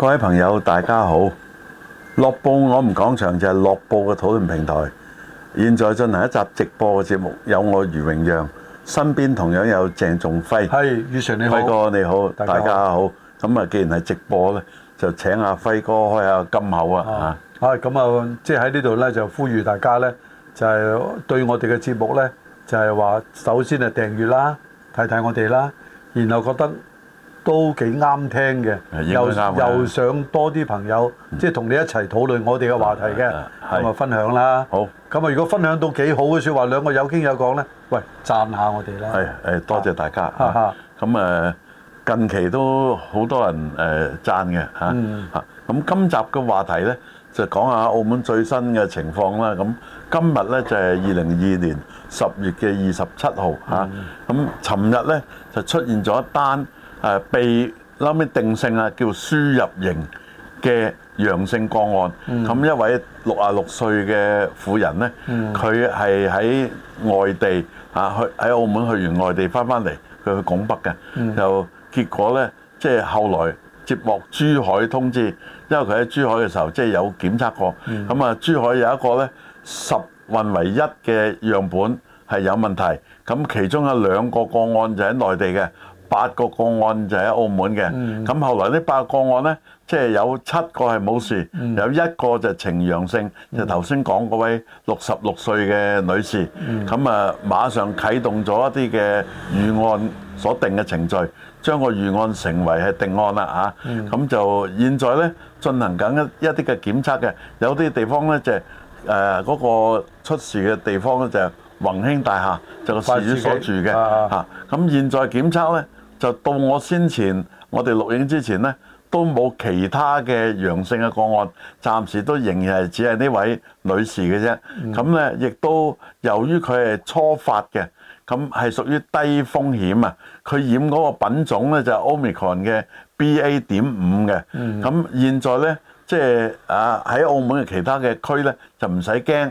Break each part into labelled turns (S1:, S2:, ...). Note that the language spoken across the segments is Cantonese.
S1: 各位朋友，大家好！樂報我哋講場，就係樂報嘅討論平台。現在進行一集直播嘅節目，有我余榮讓，身邊同樣有鄭仲輝。係，余 Sir 你好，輝哥你好，大家好。咁啊，既然係直播咧，就請阿輝哥開下金口啊！
S2: 吓，啊，咁啊，即係喺呢度咧，就呼籲大家咧，就係對我哋嘅節目咧，就係話，首先係，訂閱啦，睇睇我哋啦，然後覺得。都幾啱聽嘅，又又想多啲朋友即係同你一齊討論我哋嘅話題嘅咁啊，分享啦。好，咁啊，如果分享到幾好嘅説話，兩個有傾有講咧，喂，贊下我哋啦。係
S1: 誒，多謝大家。咁誒近期都好多人誒贊嘅嚇嚇。咁今集嘅話題咧就講下澳門最新嘅情況啦。咁今日咧就係二零二二年十月嘅二十七號嚇。咁尋日咧就出現咗一單。誒被後尾定性啦，叫輸入型嘅陽性個案。咁、嗯、一位六十六歲嘅婦人呢，佢係喺外地嚇、啊，去喺澳門去完外地返返嚟，佢去拱北嘅，嗯、就結果呢，即係後來接獲珠海通知，因為佢喺珠海嘅時候即係有檢測過，咁啊、嗯、珠海有一個呢十運為一嘅樣本係有問題，咁其中有兩個個案就喺內地嘅。八個個案就喺澳門嘅，咁、嗯、後來呢八個,個案呢，即、就、係、是、有七個係冇事，嗯、有一個就呈陽性，嗯、就頭先講嗰位六十六歲嘅女士，咁啊、嗯、馬上啟動咗一啲嘅預案所定嘅程序，將個預案成為係定案啦啊！咁、嗯、就現在呢，進行緊一啲嘅檢測嘅，有啲地方呢，就誒、是、嗰、呃那個出事嘅地方呢就係宏興大廈就個事主所住嘅嚇，咁現在檢測呢。就到我先前我哋錄影之前呢，都冇其他嘅陽性嘅個案，暫時都仍然係只係呢位女士嘅啫。咁呢，亦都由於佢係初發嘅，咁係屬於低風險啊。佢染嗰個品種呢，就係 Omicron 嘅 BA. 點五嘅。咁現在呢，即係啊喺澳門嘅其他嘅區呢，就唔使驚。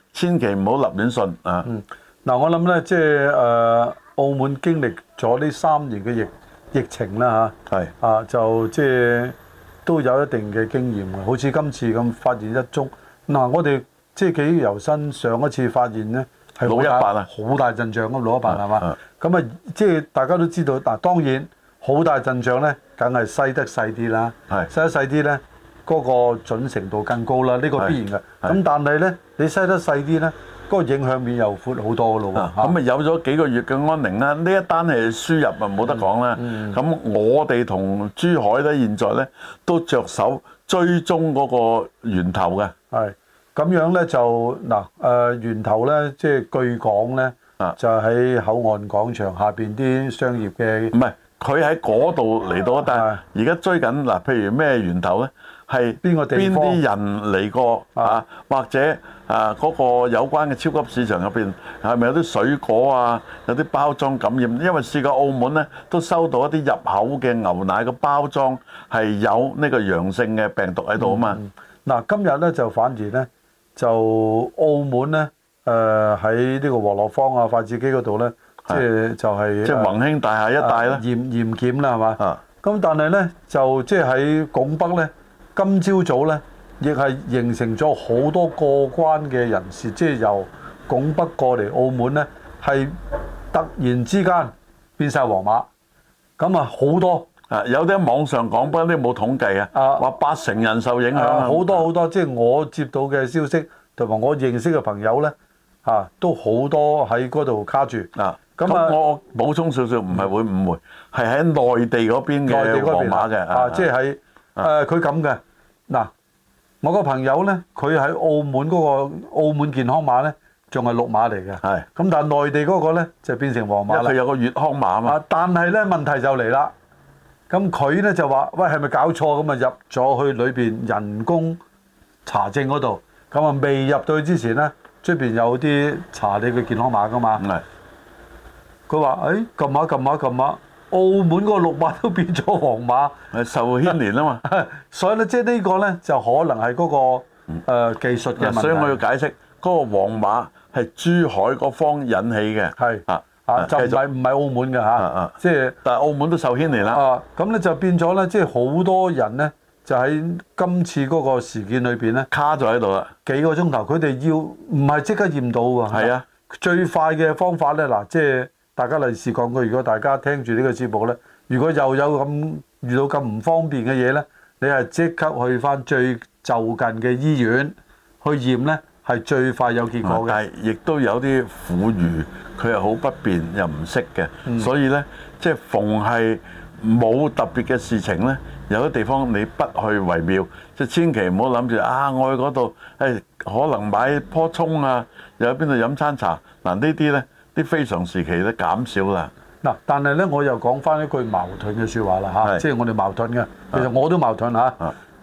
S2: 千祈唔好立亂信啊！嗱，我諗咧，即係誒澳門經歷咗呢三年嘅疫疫情啦嚇，係啊，就即係都有一定嘅經驗嘅。好似今次咁發現一宗，嗱，我哋即係記憶猶新上一次發現咧，係老一拔啊，好大陣仗咁老一拔係嘛？咁啊，即係大家都知道，嗱，當然好大陣仗咧，梗係細得細啲啦，細得細啲咧，嗰個準程度更高啦，呢個必然嘅。咁但係咧。你細得細啲咧，嗰、嗰個影響面又闊好多噶咯。
S1: 咁咪有咗幾個月嘅安寧啦，呢一單係輸入啊冇得講啦。咁、嗯嗯、我哋同珠海呢，現在呢都着手追蹤嗰個源頭嘅。
S2: 係，咁樣呢，就嗱誒源頭呢，即係據講咧是就喺口岸廣場下邊啲商業嘅。唔係，佢喺嗰度嚟到一單。而家
S1: 追緊嗱，譬如咩源頭呢？係邊個地方？邊啲人嚟過啊？或者啊，嗰個有關嘅超級市場入邊係咪有啲水果啊？有啲包裝感染？因為試過澳門咧，都收到一啲入口嘅牛奶嘅包裝係有呢個陽性嘅病毒喺度啊嘛。
S2: 嗱，今日咧就反而咧，就澳門咧誒喺呢個和樂坊啊、筷子基嗰度咧，即係就係即係宏興大廈一帶啦，嚴嚴檢啦，係嘛？啊！咁但係咧就即係喺拱北咧。今朝早咧，亦係形成咗好多過關嘅人士，即係由拱北過嚟澳門咧，係突然之間變晒黃碼。咁啊，好多啊，有啲網上
S1: 講，不過啲冇統計啊，話八成人受影響。啊、多好
S2: 多好多，即係我接到嘅消息，同埋我認識嘅朋友咧，嚇、啊、都好多喺嗰度卡住。咁、嗯、我補充少少，唔係會誤會，係喺內地嗰邊嘅內地嘅黃碼嘅，即係誒佢咁嘅。嗱，我個朋友咧，佢喺澳門嗰個澳門健康碼咧，仲係綠碼嚟嘅。係。咁但係內地嗰個咧，就變成黃碼啦。佢有個粵康碼啊嘛。但係咧，問題就嚟啦，咁佢咧就話：喂，係咪搞錯？咁啊入咗去裏邊人工查證嗰度，咁啊未入到去之前咧，出邊有啲查你嘅健康碼噶嘛。唔係。佢話：誒，撳下撳下撳下。澳門個綠馬都變咗黃馬，受牽連嘛啊嘛，所以咧，即係呢個咧就可能係嗰、那個、呃、技術嘅問題、嗯、所以我要解
S1: 釋嗰、那個黃馬係珠海嗰方引起嘅，係是
S2: 啊啊，啊就唔係唔係澳門嘅嚇，即係、啊啊。但係澳門都受牽連啦。啊，咁咧就變咗咧，即係好多人咧就喺今次嗰個事件裏邊咧卡咗喺度啦。幾個鐘頭佢哋要唔係即刻驗到㗎？係的啊，最快嘅方法咧嗱，即係。大家例示講過，如果大家聽住呢個節目咧，如果又有咁遇到咁唔方便嘅嘢咧，你係即刻去翻最就近嘅醫院去驗咧，係最快有結果嘅。係，亦都有啲婦孺，佢係好不便
S1: 又唔識嘅，所以咧即係逢係冇特別嘅事情咧，有啲地方你不去為妙，即係千祈唔好諗住啊，我去嗰度，誒可能買棵葱啊，又喺邊度飲餐茶嗱，呢啲咧。啲非常時期咧，
S2: 減少啦。嗱，但係咧，我又講翻一句矛盾嘅説話啦嚇，即係我哋矛盾嘅。其實我都矛盾嚇。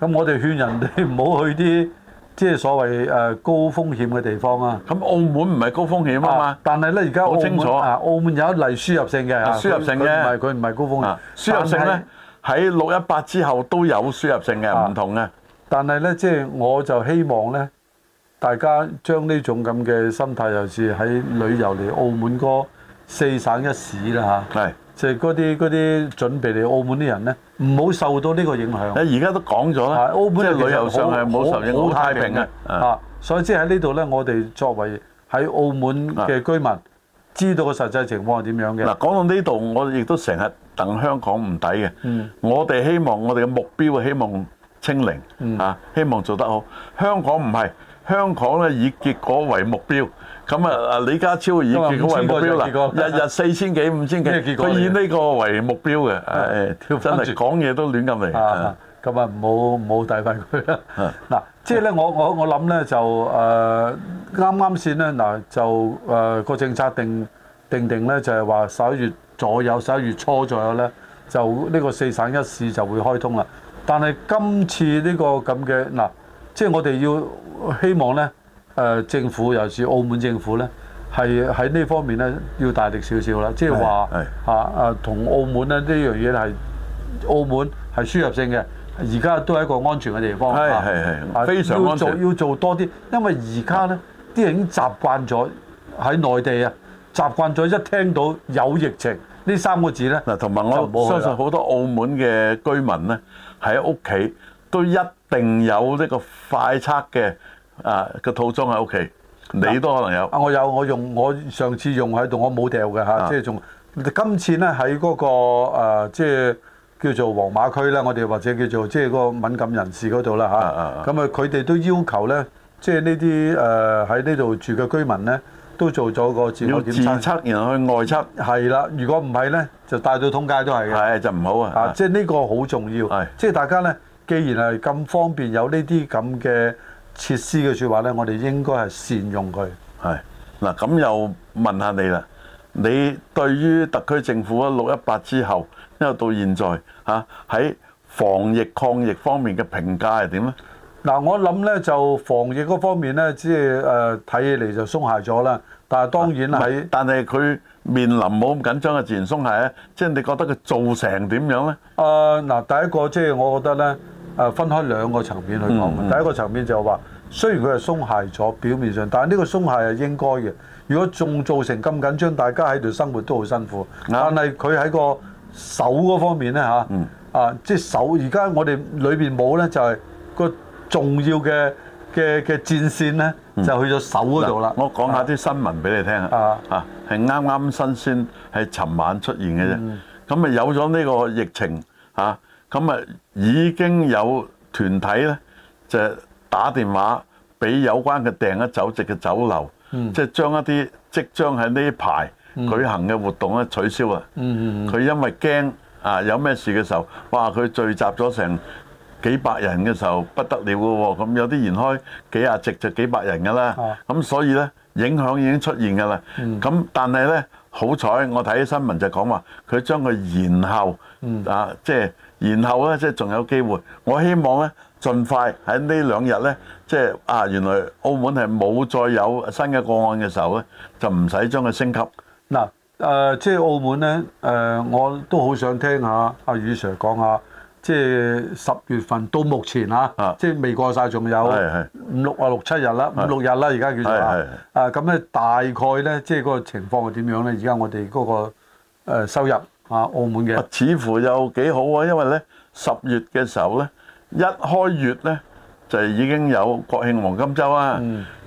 S2: 咁我哋勸人哋唔好去啲，即係所謂誒高風險嘅地方啊。咁澳門唔係高風險啊嘛。但係咧，而家好清楚啊，澳門有一例輸入性嘅輸入性嘅，唔係佢唔係高風險。輸入性咧，喺六一八之後都有輸入性嘅，唔同嘅。但係咧，即係我就希望咧。大家將呢種咁嘅心態，又是喺旅遊嚟澳門嗰四省一市啦吓，係即係嗰啲啲準備嚟澳門啲人咧，唔好受到呢個影響。你而家都講咗啦，即係澳門嘅旅遊上係冇受影響，好太平嘅嚇。所以即係喺呢度咧，我哋作為喺澳門嘅居民，知道個實際情況係點樣嘅嗱、啊。講到呢度，我亦都成日戥香港唔抵嘅。我哋希望我
S1: 哋嘅目標係希望清零啊，希望做得好。香港唔係。香港咧，以結果為目標，咁啊李家超以結果為目標啦，日日四
S2: 千幾五千幾，佢以呢個為目標嘅，真係講嘢都亂咁嚟。咁啊，唔、啊、好，唔好帶返佢啦。嗱、 啊，即係咧，我我我諗咧就誒啱啱先咧，嗱、呃、就誒個、呃、政策定定定咧就係話十一月左右，十一月初左右咧就呢個四省一市就會開通啦。但係今次、這個嗯、呢個咁嘅嗱。啊啊啊啊啊啊即係我哋要希望呢，誒、呃、政府尤其是澳門政府呢，係喺呢方面呢，要大力少少啦。即係話嚇誒，同是、啊啊、澳門呢呢樣嘢係澳門係輸入性嘅，而家都係一個安全嘅地方嚇，係非常安全、啊要。要做多啲，因為而家呢啲人是的 已經習慣咗喺內地啊，習慣咗一聽到有疫情呢三個字呢。嗱，同埋我相信好多澳門嘅居民呢，
S1: 喺屋企都一定有呢個快測嘅啊個
S2: 套裝喺屋企，你都可能有啊！我有，我用我上次用喺度，我冇掉嘅嚇，即係仲今次咧喺嗰個誒，即係叫做黃馬區啦，我哋或者叫做即係個敏感人士嗰度啦嚇，咁啊佢哋都要求咧，即係呢啲誒喺呢度住嘅居民咧，都做咗個自我檢測，然後去外測，係啦。如果唔係咧，就帶到通街都係嘅，係就唔好啊！啊，即係呢個好重要，係即係大家咧。既然係咁方便，有呢啲咁嘅設施嘅説話呢，我哋應該係善用佢。係嗱，咁又問下你啦。你
S1: 對於特區政府一六一八之後，因為到現在嚇喺防
S2: 疫抗疫方面嘅評價係點呢？嗱，我諗呢就防疫嗰方面呢，即係誒睇起嚟就鬆懈咗啦。但係當然啦，但係佢面臨冇咁緊張嘅自然鬆懈啊。即係你覺得佢做成點樣呢？誒嗱，第一個即係我覺得呢。誒分開兩個層面去講，嗯嗯、第一個層面就係話，雖然佢係鬆懈咗表面上，但係呢個鬆懈係應該嘅。如果仲造成咁緊張，大家喺度生活都好辛苦。嗯、但係佢喺個手嗰方面呢，嚇，啊，嗯、啊即係手。而家我哋裏邊冇呢，就係個重要嘅嘅嘅戰線呢，嗯、
S1: 就去咗手嗰度啦。我講下啲新聞俾你聽啊，啊，係啱啱新鮮，係尋晚出現嘅啫。咁咪、嗯嗯、有咗呢個疫情嚇。咁啊，已經有團體咧，就打電話俾有關嘅訂咗酒席嘅酒樓，嗯、即係將一啲即將喺呢排舉行嘅活動咧取消啊。佢、嗯嗯嗯、因為驚啊，有咩事嘅時候，哇！佢聚集咗成幾百人嘅時候不得了噶喎、哦。咁有啲延開幾廿席就幾百人噶啦。咁、啊、所以咧影響已經出現噶啦。咁、嗯、但係咧好彩，我睇新聞就講話佢將佢延後、嗯、啊，即係。然後咧，即係仲有機會。我希望咧，盡快喺呢兩日咧，即係啊，原來澳門係冇再有新嘅個案嘅時候咧，就唔使將佢升級、呃。
S2: 嗱，誒，即係澳門咧，誒、呃，我都好想聽下阿余 Sir 講下，即係十月份到目前嚇，即係未過晒，仲有五六啊六七日啦，五六日啦，而家叫做嚇。啊，咁咧大概咧，即係嗰個情況係點樣咧？而家我哋嗰個收入。啊！澳門嘅似乎又幾好啊，因為呢十月
S1: 嘅時候呢，一開月呢就已經有國慶黃金周啊。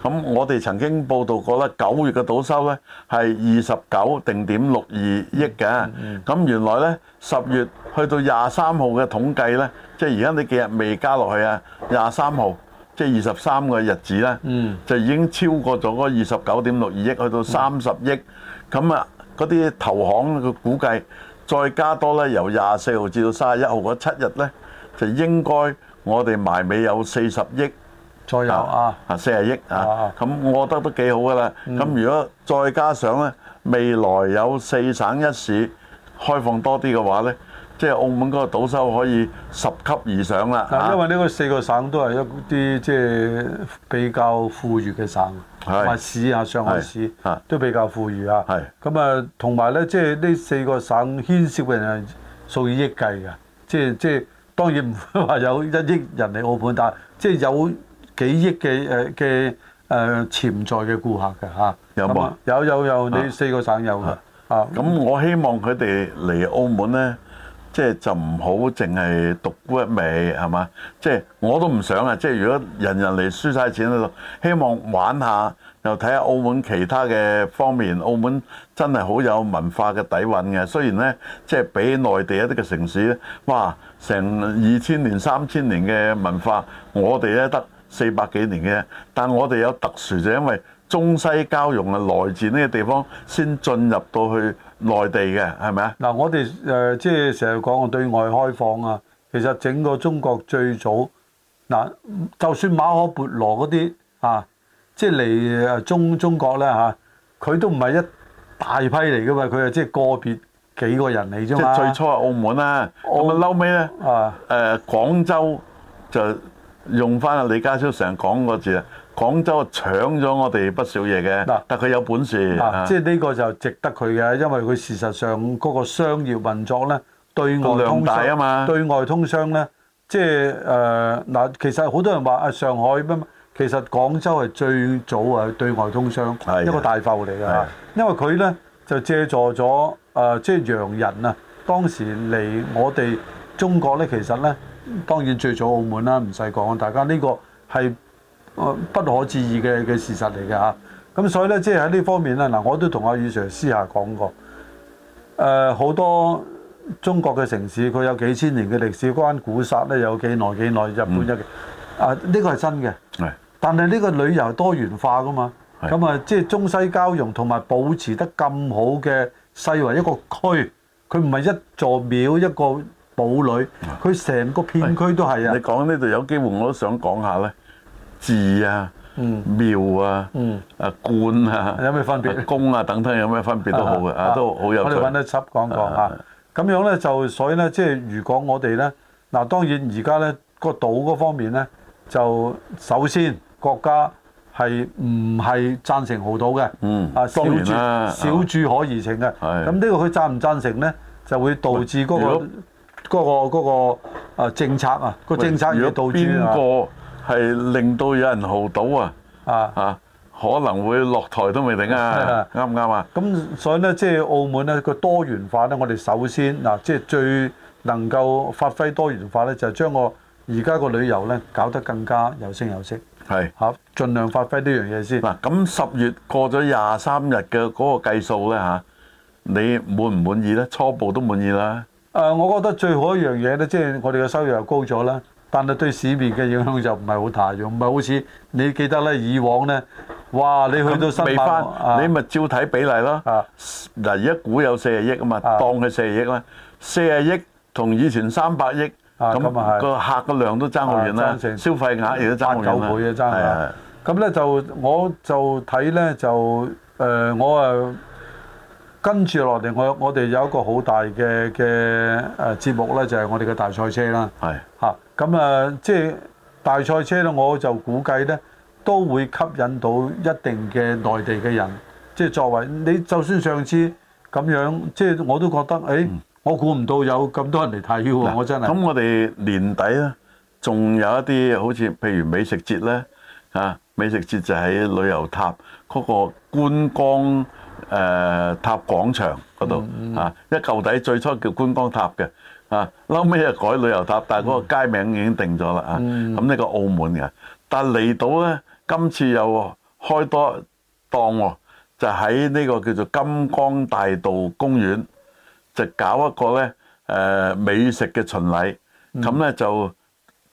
S1: 咁我哋曾經報道過啦，九月嘅賭收呢係二十九定點六二億嘅。咁原來呢，十月去到廿三號嘅統計呢，即係而家呢幾日未加落去啊。廿三號即係二十三個日子咧，嗯、就已經超過咗嗰二十九點六二億，去到三十億。咁啊，嗰啲投行嘅估計。再加多咧，由廿四號至到三十一號嗰七日咧，就應該我哋埋尾有四十億左右有啊，啊四十億啊，咁、啊、我覺得都幾好㗎喇。咁、嗯、如果再加上咧，未來有四省一市開放多啲嘅話咧，即、就、係、是、澳門嗰個賭收可以拾級而上啦。啊、因
S2: 為呢個四個省都係一啲即係比較富裕嘅省。是市啊，上海市都比較富裕啊。咁是啊，同埋呢，即係呢四個省牽涉嘅人數以億計嘅，即係即係當然唔會話有一億人嚟澳門，但係即係有幾億嘅誒嘅誒潛在嘅顧客嘅嚇、啊嗯。有冇？有有有，啊、你四個省有嘅。咁
S1: 我希望佢哋嚟澳門呢。即係就唔好淨係獨沽一味，係嘛？即係我都唔想啊！即係如果人人嚟輸晒錢喺度，希望玩下又睇下澳門其他嘅方面。澳門真係好有文化嘅底蘊嘅。雖然呢，即係比內地一啲嘅城市咧，哇，成二千年三千年嘅文化，我哋咧得四百幾年嘅，但我哋有特殊就是，因為中西交融嘅來自呢個地方先進入到去。
S2: 內地嘅係咪啊？嗱，我哋誒、呃、即係成日講對外開放啊。其實整個中國最早嗱，就算馬可孛羅嗰啲啊，即係嚟誒中中國咧嚇，佢、啊、都唔係一大批嚟㗎嘛，佢係即係個別幾個人嚟啫嘛。即係最初係澳門啦、啊，咁澳啊後尾咧誒
S1: 廣州就用返李家超成日講嗰字啊。廣州搶咗我哋不少嘢嘅，喏但係佢有本事，喏啊、即係
S2: 呢個就值得佢嘅，因為佢事實上嗰個商業運作咧，對外通商啊嘛，對外通商咧，即係誒嗱，其實好多人話啊，上海乜，其實廣州係最早係對外通商，一個大埠嚟㗎，因為佢呢就借助咗誒，即、呃、係、就是、洋人啊，當時嚟我哋中國呢，其實呢，當然最早澳門啦，唔使講，大家呢個係。我不可置疑嘅嘅事實嚟嘅嚇，咁所以咧，即係喺呢方面咧，嗱，我都同阿宇 Sir 私下講過，誒好多中國嘅城市，佢有幾千年嘅歷史，關古剎咧有幾耐幾耐，日本有啊，呢個係真嘅。係，但係呢個旅遊多元化噶嘛，咁啊，即係中西交融同埋保持得咁好嘅，西圍一個區，佢唔係一座廟一個堡壘，佢成個片
S1: 區都係啊！你講呢度有機會我都想講下咧。寺啊、廟啊、啊觀啊，有咩分別？宮啊等等，有咩分別都好嘅，啊都好有趣，我哋揾
S2: 到一輯講講吓，咁樣咧就所以咧，即係如果我哋咧嗱，當然而家咧個島嗰方面咧，就首先國家係唔係贊成號島嘅？嗯，少住少住可而成嘅。咁呢個佢贊唔贊成咧，就會導致嗰個嗰個政策啊個政策如果導致啊。係令到有人豪賭啊！啊，啊，
S1: 可能會落台都未定啊！啱唔啱啊？
S2: 咁所以咧，即係澳門咧，個多元化咧，我哋首先嗱，即係最能夠發揮多元化咧，就係將我而家個旅遊咧，搞得更加有聲有色。係，嚇，啊，儘量發揮呢樣
S1: 嘢先。嗱，啊，咁十月過咗廿三日嘅嗰個計數咧嚇，你
S2: 滿唔滿意咧？初步都滿意啦。誒，啊，我覺得最好一樣嘢咧，即係我哋嘅收入又高咗啦。但係對市面嘅影響就唔係好大，用唔係好似你記得咧，以往咧，哇！你去到新百，你咪照睇
S1: 比例咯。嗱，而家股有四十億啊嘛，當佢四十億啦，四十億同以前三百億，咁個客嘅量都爭好遠啦，消費額亦都爭好遠啦。
S2: 咁咧就我就睇咧就誒，我啊跟住落嚟，我我哋有一個好大嘅嘅誒節目咧，就係我哋嘅大賽車啦。係嚇。咁啊，即係、就是、大賽車咧，我就估計咧都會吸引到一定嘅內地嘅人，即、就、係、是、作為你就算上次咁樣，即、就、係、是、我都覺得，誒、欸，我估唔到有咁多人嚟睇喎，嗯、我真係。咁我哋年底
S1: 咧，仲有一啲好似譬如美食節咧，啊，美食節就喺旅遊塔嗰、那個觀光誒、呃、塔廣場嗰度、嗯嗯、啊，因為舊底最初叫觀光塔嘅。啊，落尾啊改旅遊塔，但係嗰個街名已經定咗啦啊！咁呢個澳門嘅，但係嚟到咧，今次又開多檔喎，就喺呢個叫做金光大道公園，就搞一個咧誒美食嘅巡禮，咁咧就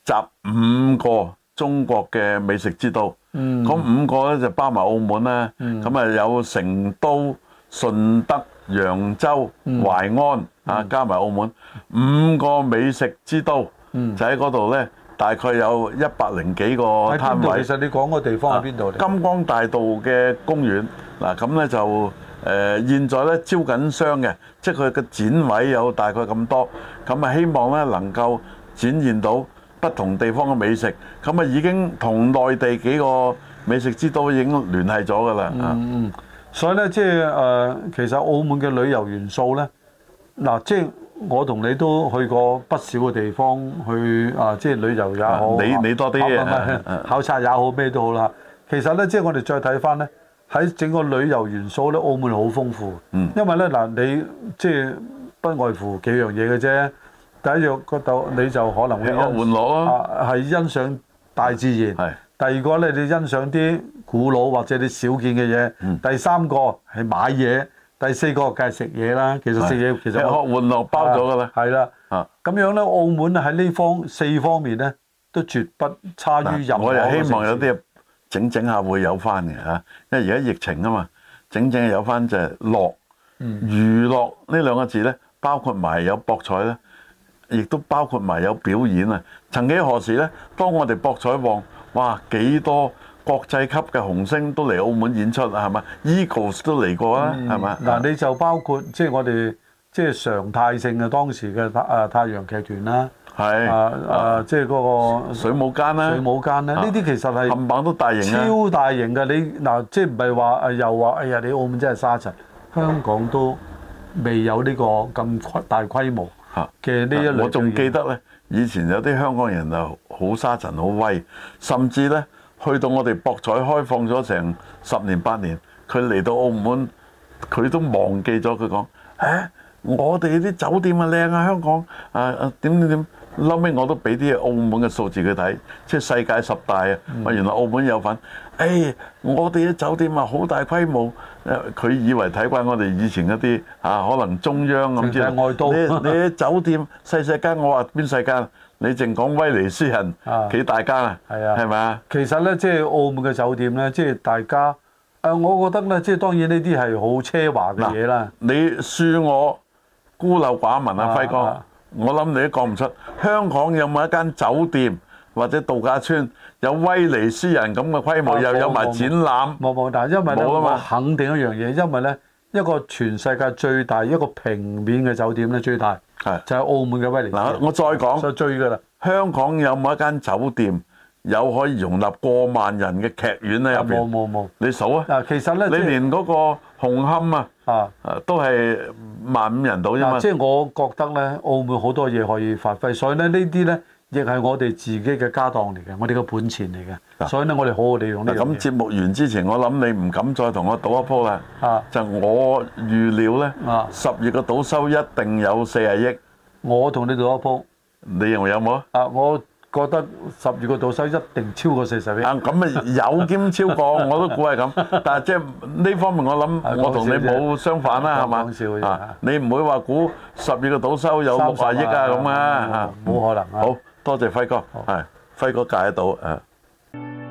S1: 集五個中國嘅美食之都，咁五個咧就包埋澳門啦，咁啊有成都、順德、揚州、淮安。啊！加埋澳門五個美食之都，就喺嗰度咧。大概有一百零幾個攤位。喺邊度？其實你講嘅地方係邊度？金光大道嘅公園嗱，咁咧就誒，現在咧招緊商嘅，即係佢嘅展位有大概咁多。咁啊，希望咧能夠展現到不同地方嘅美食。咁啊，已經同內地幾個美食之都已
S2: 經聯繫咗㗎啦。嗯嗯。所以咧，即係誒，其實澳門嘅旅遊元素咧。嗱、啊，即係我同你都去過不少嘅地方，去啊，即係旅遊也好，啊、你你多啲啊，啊啊考察也好，咩都好啦。其實咧，即係我哋再睇翻咧，喺整個旅遊元素咧，澳門好豐富。嗯，因為咧嗱、啊，你即係不外乎幾樣嘢嘅啫。第一個嗰度你就可能會玩玩樂咯，係、欸啊啊、欣賞大自然。係、啊。第二個咧，你欣賞啲古老或者你少見嘅嘢、嗯。第三個係買嘢。第四個就係食嘢啦，其實食嘢其實學玩樂包咗㗎啦，係啦，咁樣咧，澳門喺呢方四方面咧都絕不差於任何嘅城。我又希望有啲
S1: 整整下會有翻嘅嚇，因為而家疫情啊嘛，整整有翻就係樂、
S2: 嗯、
S1: 娛樂呢兩個字咧，包括埋有博彩啦，亦都包括埋有表演啊。曾幾何時咧，當我哋博彩旺，哇幾多！國際級嘅紅星
S2: 都嚟澳門演出啦，係嘛？Eagles 都嚟過啊，係嘛？嗱、嗯，你就包括即係、就是、我哋即係常態性嘅當時嘅太啊太陽劇團啦，係啊啊即係嗰個水舞間啦，水舞間啦，呢啲、啊、其實係冚棒都大型、啊、超大型嘅，你嗱即係唔係話誒又話哎呀你澳門真係沙塵，香港都未有呢個咁大規模
S1: 嚇嘅呢一類、啊啊，我仲記得咧，以前有啲香港人又好沙塵好威，甚至咧。去到我哋博彩開放咗成十年八年，佢嚟到澳門，佢都忘記咗。佢講，誒，我哋啲酒店啊，靚啊香港，啊啊點點點。後尾我都俾啲澳門嘅數字佢睇，即係世界十大啊。原來澳門有份。誒，我哋啲酒店啊好大規模，佢以為睇慣我哋以前嗰啲啊，可能中央咁之類。淨係外都。你酒店細細間，我話邊細間？你淨講威尼斯人幾大間啊？係
S2: 啊，係咪？其實咧，即係澳門嘅酒店咧，即係大家誒，我覺得咧，即係當然呢啲係好奢華嘅嘢啦。你恕我
S1: 孤陋寡聞啊，輝哥，我諗你都講唔出。香港有冇一間酒店或者度假村有威尼斯人咁嘅規模，又有埋展覽？
S2: 冇冇，但係因為咧，我肯定一樣嘢，因為咧，一個全世界最大一個平面嘅酒店咧，最大。係就係澳門嘅威尼斯人。嗱，我再講就追噶啦。香
S1: 港有冇一間酒店有可以容納過萬人嘅劇院咧？入邊冇冇冇。
S2: 你數啊！嗱，其實咧，你連嗰個紅磡啊，啊，都係萬五人度啫嘛。即係我覺得咧，澳門好多嘢可以發揮，所以咧呢啲咧。亦係我哋自己嘅家當嚟嘅，我哋嘅本錢嚟嘅，所以咧我哋好好利用呢啲嘢。咁
S1: 節目完之前，我諗你唔敢再同我賭一鋪啦。啊，就我預料咧，十月嘅
S2: 賭收一定有四十億。我同你賭一鋪，你認為有冇？啊，我覺得十月嘅賭收一定超過四十億。啊，咁啊有兼超過，我都估
S1: 係咁。但係即係呢方面，我諗我同你冇相反啦，係嘛？講笑啫。你唔會話估十月嘅賭收有六十億啊咁啊？冇可能。好。多謝輝哥，係輝好哥解得到誒。